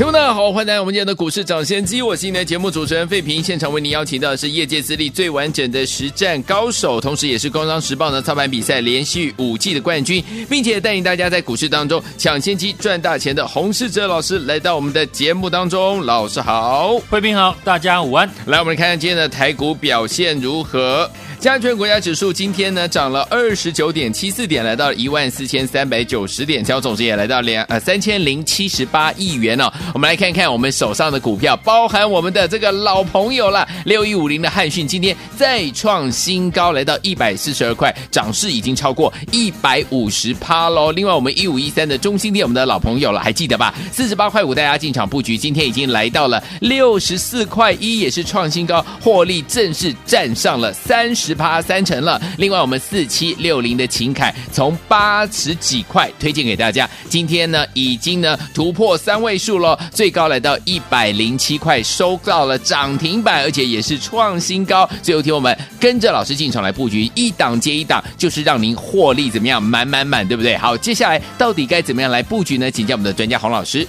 聽眾大家好，歡迎來到我們今天的股市漲先機。我是您的節目主持人費平，現場為您邀請到的是業界資歷最完整的實戰高手，同時也是工商時報的操盤比賽連續五季的冠軍，並且帶領大家在股市當中搶先機賺大錢的洪士哲老師來到我們的節目當中。老師好，費平好，大家午安。來，我們看看今天的台股表現如何。加權國家指數今天呢漲了二十九點七四點，來到一萬四千三百九十點，成交總值也來到兩呃三千零七十八億元哦。我們來看看我們手上的股票，包含我們的這個老朋友了，六一五零的撼訊今天再創新高，來到一百四十二塊，漲勢已經超過一百五十趴嘍。另外我們一五一三的中興電，我們的老朋友了，還記得吧？四十八塊五大家進場布局，今天已經來到了六十四塊一，也是創新高，獲利正式站上了三十。十趴三成了。另外，我們四七六零的勤凱從八十幾塊推薦給大家，今天呢已經呢突破三位數了，最高來到一百零七塊，收到了漲停板，而且也是創新高。最後，請我們跟着老師進場來布局，一檔接一檔，就是讓您獲利怎麼樣，滿滿滿，對不對？好，接下來到底該怎麼樣來布局呢？請教我們的專家洪老師。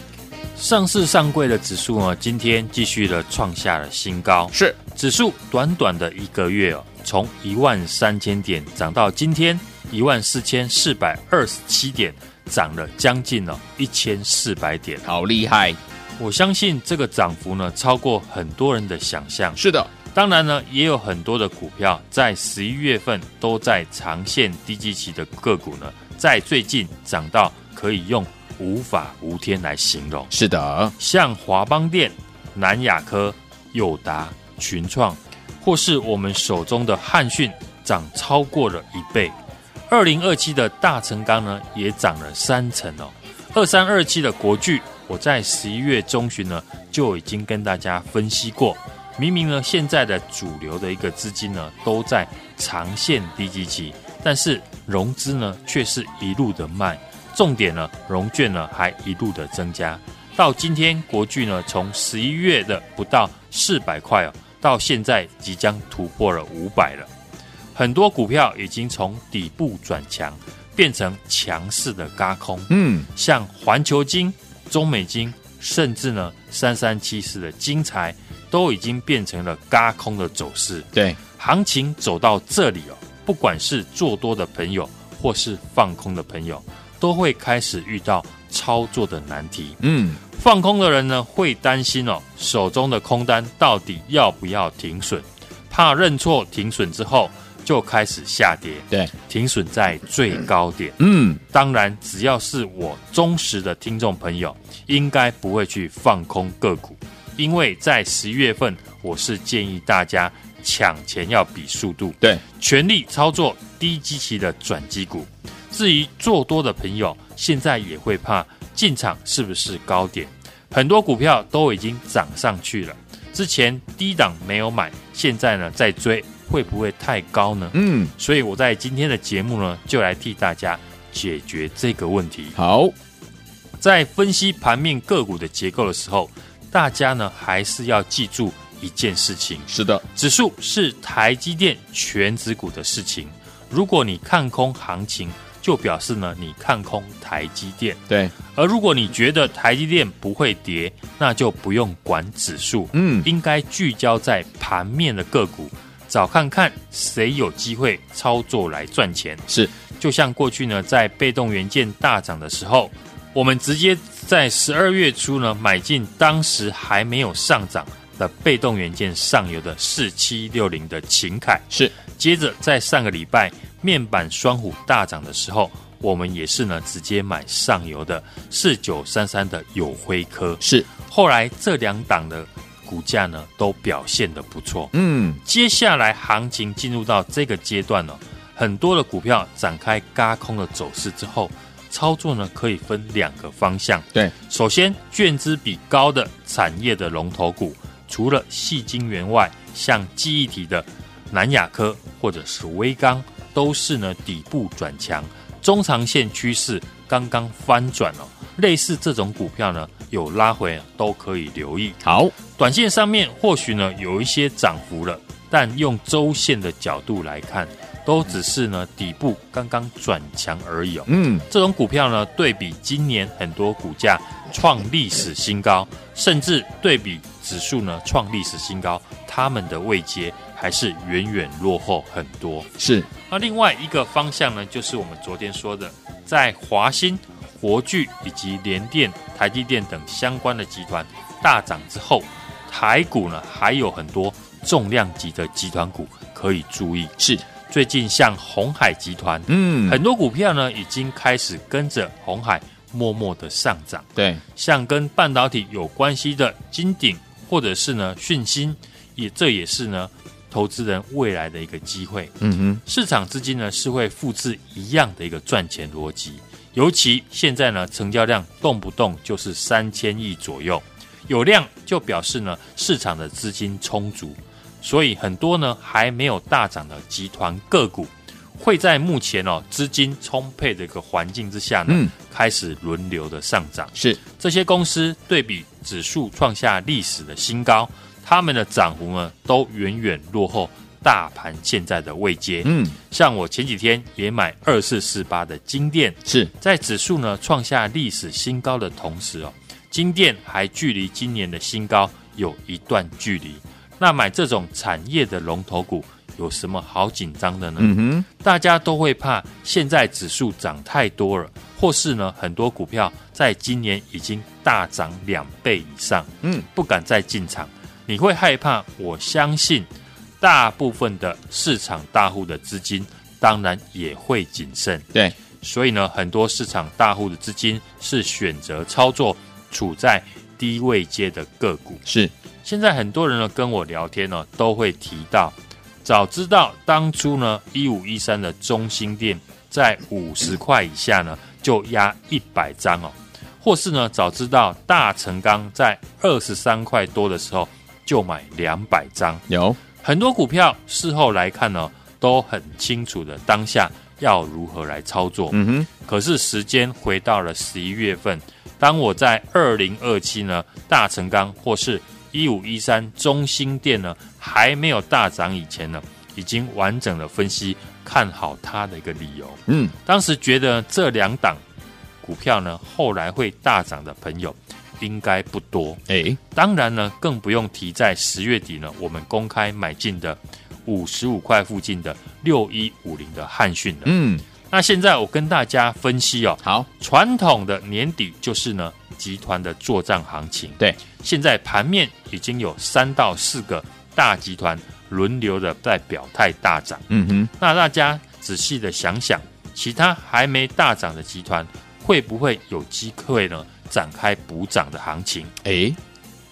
上市上櫃的指數呢，今天繼續的創下了新高，是指數短短的一個月哦。從一萬三千點漲到今天一萬四千四百二十七點，漲了將近了一千四百點，好厲害！我相信這個漲幅呢，超過很多人的想象。是的，當然呢，也有很多的股票在十一月份都在長線低基期的個股呢，在最近漲到可以用無法無天來形容。是的，像華邦電、南亞科、友達、群創。或是我們手中的漢訊漲超過了一倍，二零二七的大成鋼呢也漲了三成哦。二三二七的國巨，我在十一月中旬呢就已經跟大家分析過。明明呢現在的主流的一個資金呢都在長線低基期，但是融資呢卻是一路的慢。重點呢，融券呢還一路的增加。到今天國巨呢從十一月的不到四百塊哦。到現在即將突破了五百了，很多股票已經從底部轉強，變成強勢的軋空。嗯，像環球晶、中美晶，甚至呢三三七四的精材，都已經變成了軋空的走勢。對，行情走到這裡哦，不管是做多的朋友，或是放空的朋友，都會開始遇到。操作的難題。嗯，放空的人呢，會擔心哦，手中的空單到底要不要停損？怕認錯停損之後就開始下跌。對，停損在最高點。嗯，當然，只要是我忠實的聽眾朋友，應該不會去放空個股，因為在十一月份，我是建議大家搶錢要比速度，對，全力操作低基期的轉機股。至於做多的朋友，現在也會怕進場是不是高點？很多股票都已經漲上去了，之前低檔沒有買，現在呢在追，會不會太高呢？嗯，所以我在今天的節目呢，就來替大家解決這個問題。好，在分析盤面個股的結構的時候，大家呢還是要記住一件事情：是的，指數是台積電權值股的事情。如果你看空行情。就表示呢，你看空台積電。對，而如果你覺得台積電不會跌，那就不用管指數，嗯，應該聚焦在盤面的個股，找看看誰有機會操作來賺錢。是，就像過去呢，在被動元件大漲的時候，我們直接在十二月初呢買進當時還沒有上漲的被動元件上游的四七六零的勤凱。是，接着在上個禮拜。面板雙虎大漲的時候，我們也是呢，直接買上游的四九三三的友輝科。是，後來這兩檔的股價呢，都表現得不錯。嗯，接下來行情進入到這個階段呢，很多的股票展開軋空的走勢之後，操作呢可以分兩個方向。對，首先，券資比高的產業的龍頭股，除了矽晶圓外，像記憶體的南亞科或者是威剛。都是呢底部轉強，中長線趨勢剛剛翻轉哦。類似這種股票呢,有拉回都可以留意。好，短線上面或許呢有一些漲幅了，但用周線的角度來看，都只是呢底部剛剛轉強而已。嗯，這種股票呢，對比今年很多股價創歷史新高，甚至對比指數呢創歷史新高，他們的位階。還是遠遠落後很多。是，那另外一個方向呢，就是我們昨天說的，在華新、國巨以及聯電、台積電等相關的集團大漲之後，台股呢還有很多重量級的集團股可以注意。是，最近像鴻海集團，嗯，很多股票呢已經開始跟着鴻海默默的上漲。對，像跟半導體有關係的京鼎，或者是呢訊芯，也這也是呢。投資人未來的一個機會，嗯哼，市場資金呢是會複製一樣的一個賺錢邏輯，尤其現在呢，成交量動不動就是三千億左右，有量就表示呢市場的資金充足，所以很多呢還沒有大漲的集團個股，會在目前哦、喔、資金充沛的一個環境之下呢，開始輪流的上漲，是這些公司對比指數創下歷史的新高，他們的漲幅呢，都遠遠落後大盤現在的位階。嗯，像我前幾天也買2448的晶電，是在指數呢創下歷史新高的同時哦，晶電還距離今年的新高有一段距離。那買這種產業的龍頭股有什麼好緊張的呢？嗯，大家都會怕現在指數漲太多了，或是呢很多股票在今年已經大漲兩倍以上，嗯，不敢再進場。你會害怕？我相信，大部分的市場大戶的資金當然也會謹慎。對，所以呢，很多市場大戶的資金是選擇操作處在低位階的個股。是，現在很多人呢跟我聊天呢，都會提到，早知道當初呢，一五一三的中興電在五十塊以下呢，就壓一百張哦，或是呢，早知道大成鋼在二十三塊多的時候。就買兩百張，有很多股票事後來看呢，都很清楚的。當下要如何來操作？嗯哼。可是時間回到了十一月份，當我在二零二七呢，大成鋼或是一五一三中興電呢，還沒有大漲以前呢，已經完整的分析看好它的一個理由。嗯，當時覺得這兩檔股票呢，後來會大漲的朋友。應該不多、欸，誒，當然呢，更不用提在十月底呢，我們公開買進的五十五塊附近的六一五零的漢訊撼訊了。嗯，那現在我跟大家分析哦，好，傳統的年底就是呢集團的做帳行情。對，現在盤面已經有三到四個大集團輪流的在表態大漲。嗯哼，那大家仔細的想想，其他還沒大漲的集團。會不會有機會呢？展開補漲的行情？誒、欸，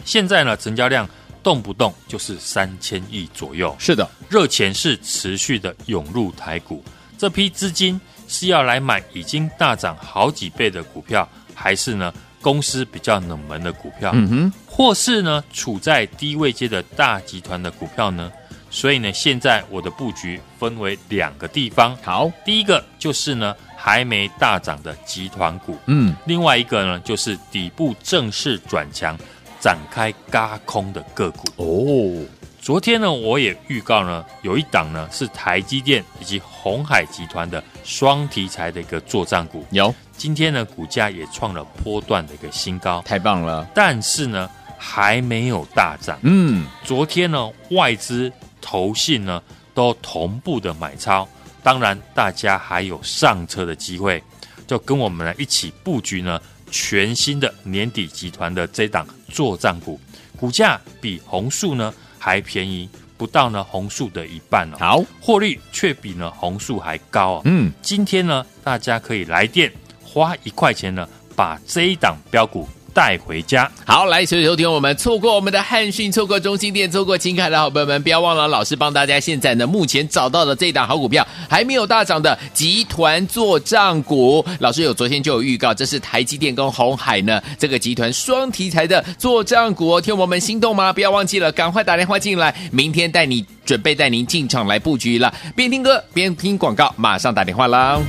現在呢，成交量動不動就是三千億左右。是的，熱錢是持續的湧入台股。這批資金是要來買已經大漲好幾倍的股票，還是呢，公司比較冷門的股票？嗯哼，或是呢，處在低位階的大集團的股票呢？所以呢，現在我的布局分為兩個地方。好，第一個就是呢。還沒大漲的集團股，嗯，另外一個呢，就是底部正式轉強，展開軋空的個股。哦，昨天呢，我也預告呢，有一檔呢是台積電以及鴻海集團的雙題材的一個作戰股。有，今天呢，股價也創了波段的一個新高，太棒了！但是呢，還沒有大漲。嗯，昨天呢，外資投信呢都同步的買超。當然，大家還有上車的機會，就跟我們來一起布局呢全新的年底集團的這一檔做帳股，股價比紅樹呢還便宜不到呢紅樹的一半哦，好，獲利卻比呢紅樹還高啊。嗯，今天呢大家可以來電，花一塊錢呢把這一檔標股。帶回家，好，來，所以收聽我們錯過我們的漢訊，錯過中心店，錯過金凱的好朋友們，不要忘了，老師幫大家現在呢，目前找到的這檔好股票還沒有大漲的集團作戰股，老師有昨天就有預告，這是台積電跟紅海呢這個集團雙題材的作戰股，哦，聽我們心動嗎？不要忘記了，趕快打電話進來，明天帶你準備帶您進場來布局了，邊聽歌邊聽廣告，馬上打電話啦。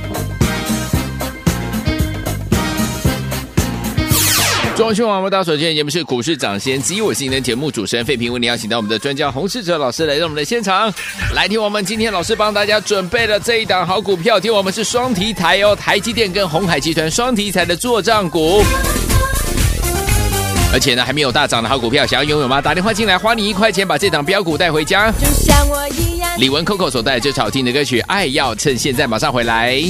中興我們到首今天們是股市漲先機，我是今天節目主持人費平，為你邀請到我們的專家洪士哲老師來到我們的現場，來聽我們今天老師幫大家準備了這一檔好股票，聽我們是雙題材哦，台積電跟鴻海集團雙題材的作帳股，而且呢還沒有大漲的好股票，想要擁有嗎？打電話進來，花你一塊錢把這檔標股帶回家。就像我一樣李玟 COCO 所帶最好聽的歌曲《愛要趁現在》，馬上回來。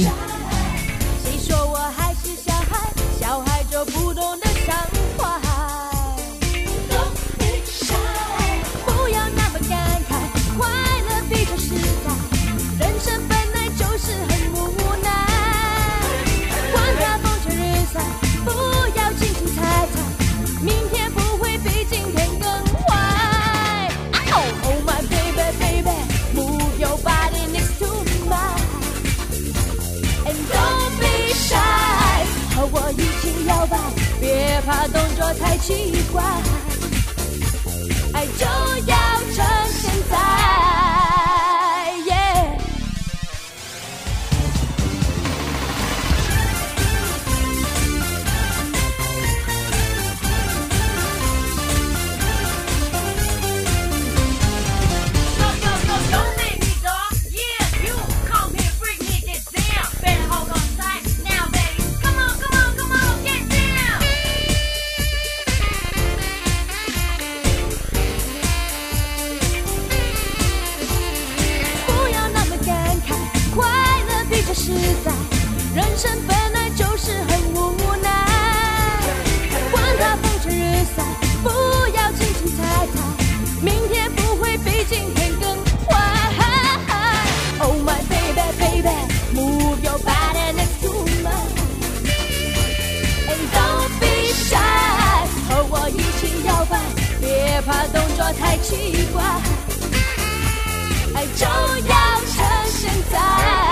愛就要趁現在。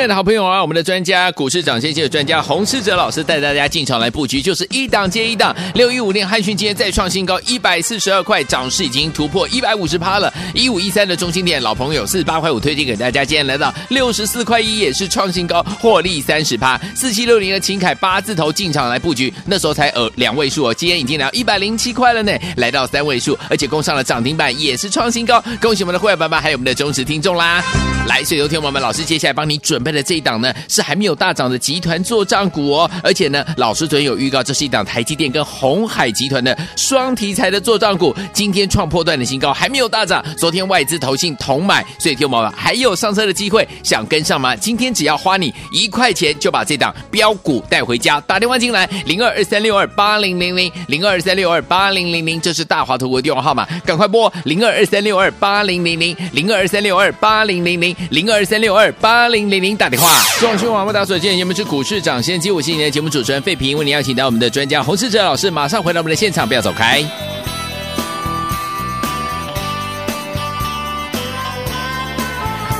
親愛的好朋友啊，我們的專家股市漲先機的專家洪士哲老師帶大家進場來布局，就是一檔接一檔。六一五零漢訊今天再創新高，一百四十二塊，漲勢已經突破一百五十趴了。一五一三的中心點，老朋友四十八塊五推薦給大家。今天來到六十四塊一，也是創新高，獲利三十趴。四七六零的秦凱八字頭進場來布局，那時候才呃兩位數哦，今天已經來到一百零七塊了呢，來到三位數，而且攻上了漲停板，也是創新高。恭喜我們的戶外爸爸，還有我們的忠實聽眾啦！來，水都天王們，老師接下來幫你準備。的這一檔呢是還沒有大漲的集團做賬股哦，而且呢，老師準有預告，這是一檔台積電跟鴻海集團的雙題材的做賬股，今天創波段的新高，還沒有大漲。昨天外資投信同買，所以丟毛了，還有上車的機會，想跟上嗎？今天只要花你一塊錢，就把這檔飆股帶回家。打電話進來零二二三六二八零零零零二二三六二八零零零，這是大華投顧的電話號碼，趕快撥零二二三六二八零零零零二二三六二八零零零零二二三六二八零零零。打電話，中廣新聞網不打水漂節目是股市漲先機，我新年的節目主持人費平，為您邀請到我們的專家洪士哲老師，馬上回到我們的現場，不要走開。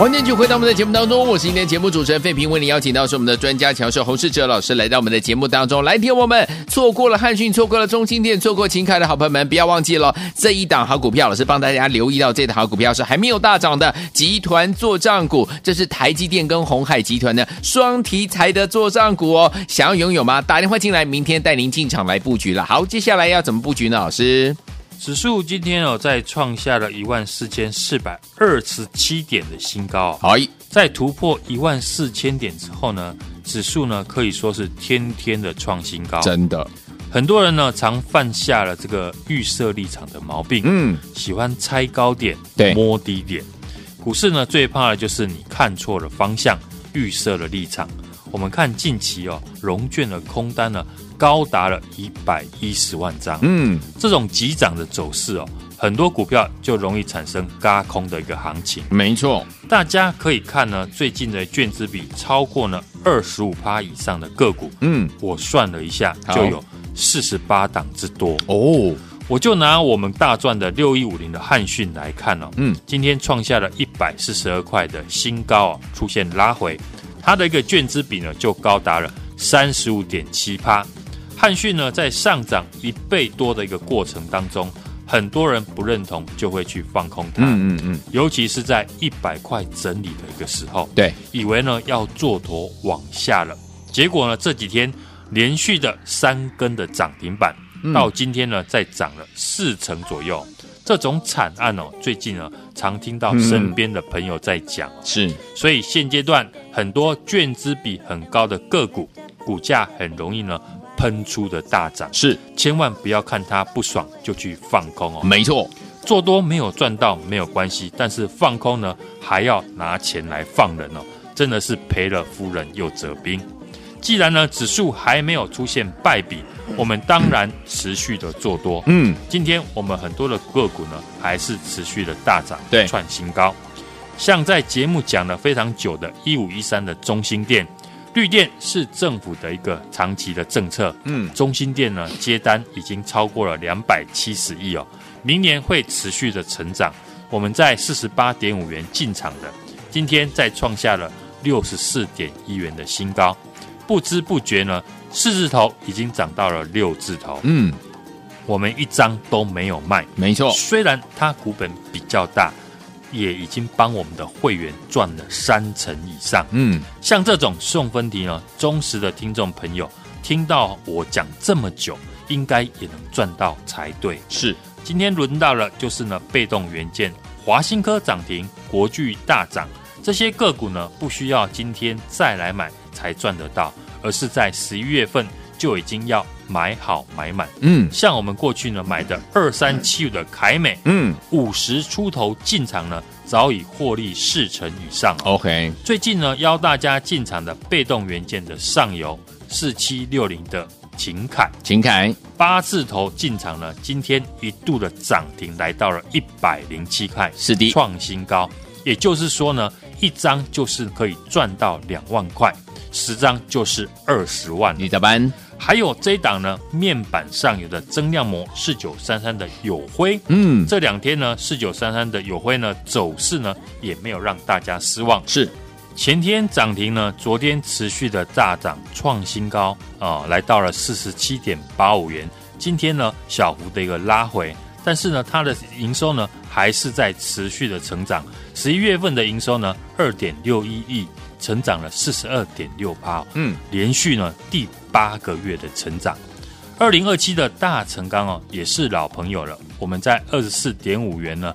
歡迎回到我們的節目當中，我是今天節目主持人費平，為您邀請到是我們的專家講師洪士哲老師來到我們的節目當中來聽我們。錯過了漢訊，錯過了中心店，錯過秦凱的好朋友們，不要忘記了這一檔好股票，老師幫大家留意到這一檔好股票是還沒有大漲的集團作帳股，這是台積電跟鴻海集團的雙題材的作帳股哦、喔。想要擁有嗎？打電話進來，明天帶您進場來布局了。好，接下來要怎麼布局呢？老師？指數今天哦，在創下了一萬四千四百二十七點的新高，在突破一萬四千點之後呢，指數呢可以說是天天的創新高。真的，很多人呢常犯下了這個預設立場的毛病，嗯，喜歡猜高點，對，摸低點。股市呢最怕的就是你看錯了方向，預設了立場。我們看近期哦，融券的空單呢。高達了一百一十萬張，嗯，這種急漲的走勢哦，很多股票就容易產生軋空的一個行情。沒錯，大家可以看呢，最近的券資比超過呢二十五趴以上的個股，嗯，我算了一下，就有四十八檔之多。哦，我就拿我們大賺的六一五零的漢訊來看哦，嗯，今天創下了一百四十二塊的新高啊，出現拉回，它的一個券資比呢就高達了三十五點七趴。撼訊呢，在上漲一倍多的一個過程當中，很多人不認同，就會去放空它。嗯嗯。尤其是在一百塊整理的一個時候，對，以為呢要做頭往下了，結果呢這幾天連續的三根的漲停板，到今天呢再漲了四成左右。這種慘案哦，最近呢常聽到身邊的朋友在講，是。所以現階段很多券資比很高的個股，股價很容易呢。噴出的大漲是，千萬不要看它不爽就去放空哦。沒錯，做多沒有賺到沒有關係，但是放空呢還要拿錢來放人哦，真的是賠了夫人又折兵。既然呢指數還沒有出現敗筆，我們當然持續的做多。嗯，今天我們很多的個股呢還是持續的大漲，對，創新高。像在節目講了非常久的“一五一三”的中興電，綠電是政府的一個長期的政策。嗯，中興電呢，接單已經超過了兩百七十億哦，明年會持續的成長。我們在四十八點五元進場的，今天再創下了六十四點一元的新高。不知不覺呢，四字頭已經漲到了六字頭。嗯，我們一張都沒有賣。沒錯，雖然它股本比較大。也已經幫我們的會員賺了三成以上。嗯，像這種送分題呢，忠實的聽眾朋友聽到我講這麼久，應該也能賺到才對。是，今天輪到了，就是呢，被動元件，華新科漲停，國巨大漲，這些個股呢，不需要今天再來買才賺得到，而是在十一月份就已經要。買好買滿，嗯，像我們過去呢買的二三七五的凱美，嗯，五十出頭進場呢，早已獲利四成以上。OK，最近呢邀大家進場的被動元件的上游四七六零的勤凱，勤凱八字頭進場呢，今天一度的漲停來到了一百零七塊，是的，創新高。也就是說呢，一張就是可以賺到兩萬塊，十張就是二十萬。你的班。還有這檔呢，面板上有的增量膜四九三三的友輝嗯，這兩天呢，四九三三的友輝呢走勢呢也沒有讓大家失望，是前天漲停呢，昨天持續的大漲創新高啊，來到了四十七點八五元，今天呢小幅的一個拉回，但是呢它的營收呢還是在持續的成長，十一月份的營收呢二點六一億。成長了四十二點六趴，嗯，連續呢第八個月的成長。二零二七的大成鋼哦，也是老朋友了。我們在二十四點五元呢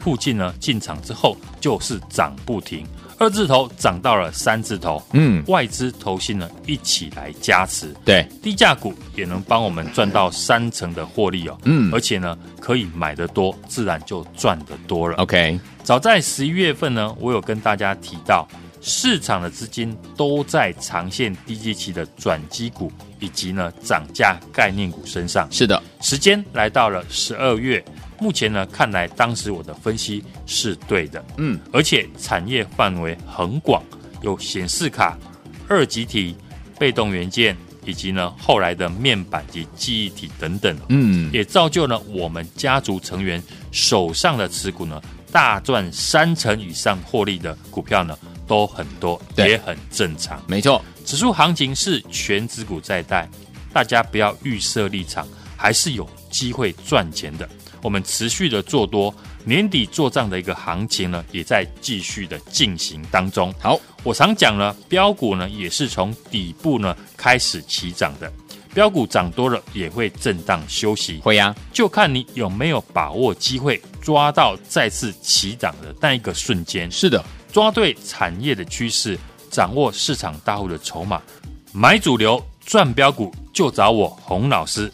附近呢進場之後，就是漲不停，二字頭漲到了三字頭，嗯，外資投信呢一起來加持，對，低價股也能幫我們賺到三成的獲利哦，嗯，而且呢可以買得多，自然就賺得多了。OK，早在十一月份呢，我有跟大家提到。市場的資金都在長線低基期的轉機股以及呢漲價概念股身上。是的，時間來到了十二月，目前呢看來當時我的分析是對的。嗯，而且產業範圍很廣，有顯示卡、二極體、被動元件以及呢後來的面板及記憶體等等。嗯，也造就了我們家族成員手上的持股呢大賺三成以上獲利的股票呢。都很多，也很正常。沒錯，指數行情是權值股在帶，大家不要預設立場，還是有機會賺錢的。我們持續的做多，年底做賬的一個行情呢，也在繼續的進行當中。好，我常講呢，飆股呢也是從底部呢開始起漲的，飆股漲多了也會震盪休息。會啊，就看你有沒有把握機會抓到再次起漲的那一個瞬間。是的。抓對產業的趨勢，掌握市場大戶的籌碼，買主流賺標股就找我洪老師。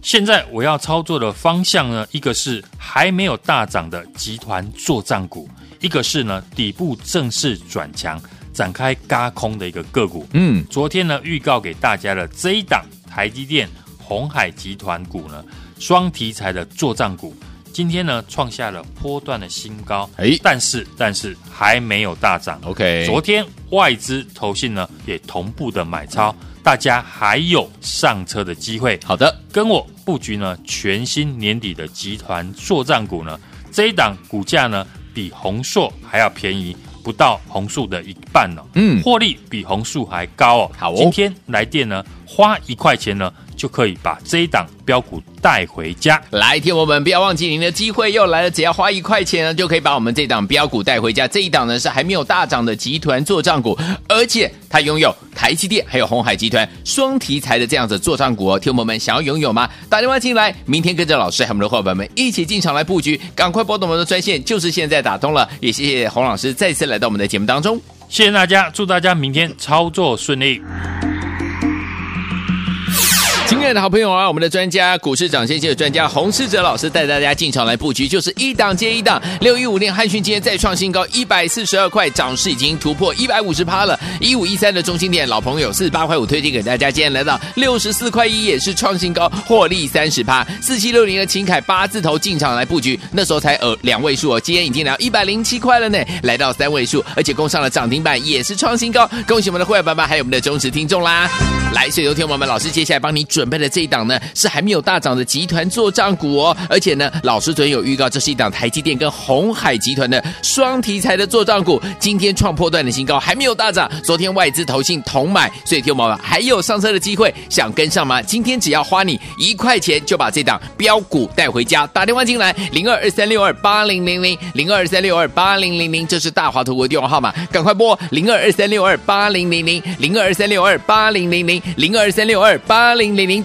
現在我要操作的方向呢，一個是還沒有大漲的集團作戰股，一個是呢底部正式轉強展開軋空的一個個股。嗯，昨天呢預告給大家的這一檔台積電、鴻海集團股呢，雙題材的作戰股。今天呢，創下了波段的新高，欸、但是但是還沒有大漲。OK，昨天外資投信呢也同步的買超，大家還有上車的機會。好的，跟我布局呢全新年底的集團作戰股呢，這一檔股價呢比紅碩還要便宜，不到紅碩的一半呢、哦。嗯，獲利比紅碩還高哦。好哦，今天來電呢，花一塊錢呢。就可以把這一檔標股帶回家。來，聽友們不要忘記您的機會又來了，只要花一塊錢呢，就可以把我們這檔標股帶回家。這一檔呢是還沒有大漲的集團作帳股，而且它擁有台積電還有鴻海集團雙題材的這樣子作帳股哦。聽友們想要擁有嗎？打電話進來，明天跟着老師和我們的伙伴們一起進場來布局，趕快撥動我們的專線，就是現在打通了。也謝謝洪老師再次來到我們的節目當中，謝謝大家，祝大家明天操作順利。的好朋友啊，我們的專家股市漲先機的專家洪士哲老師帶大家進場來布局，就是一檔接一檔。六一五零撼訊今天再創新高142，一百四十二塊，漲勢已經突破一百五十趴了。一五一三的中興電，老朋友四十八塊五推薦給大家。今天來到六十四塊一，也是創新高，獲利三十趴。四七六零的勤凱八字頭進場來布局，那時候才呃兩位數哦，今天已經來到一百零七塊了呢，來到三位數，而且攻上了漲停板，也是創新高。恭喜我們的會員爸爸，還有我們的忠實聽眾啦！來，水牛天王們，老師接下來幫你準備。的這一檔呢，是還沒有大漲的集團做賬股哦，而且呢，老師準有預告，這是一檔台積電跟鴻海集團的雙題材的做賬股，今天創波段的新高，還沒有大漲。昨天外資投信同買，所以丟毛了，還有上車的機會，想跟上嗎？今天只要花你一塊錢，就把這檔標股帶回家。打電話進來，零二二三六二八零零零零二二三六二八零零零，這是大華投顧電話號碼，趕快撥零二二三六二八零零零零二二三六二八零零零零二二三六二八零零零。